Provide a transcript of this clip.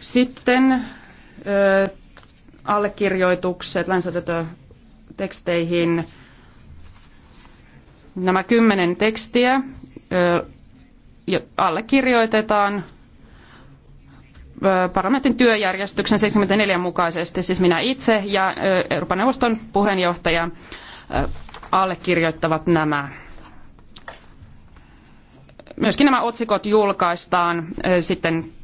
Sitten allekirjoitukset lainsäädäntöteksteihin. Nämä kymmenen tekstiä allekirjoitetaan parlamentin työjärjestyksen 74 mukaisesti, siis minä itse ja Euroopan neuvoston puheenjohtaja allekirjoittavat nämä. Myöskin nämä otsikot julkaistaan sitten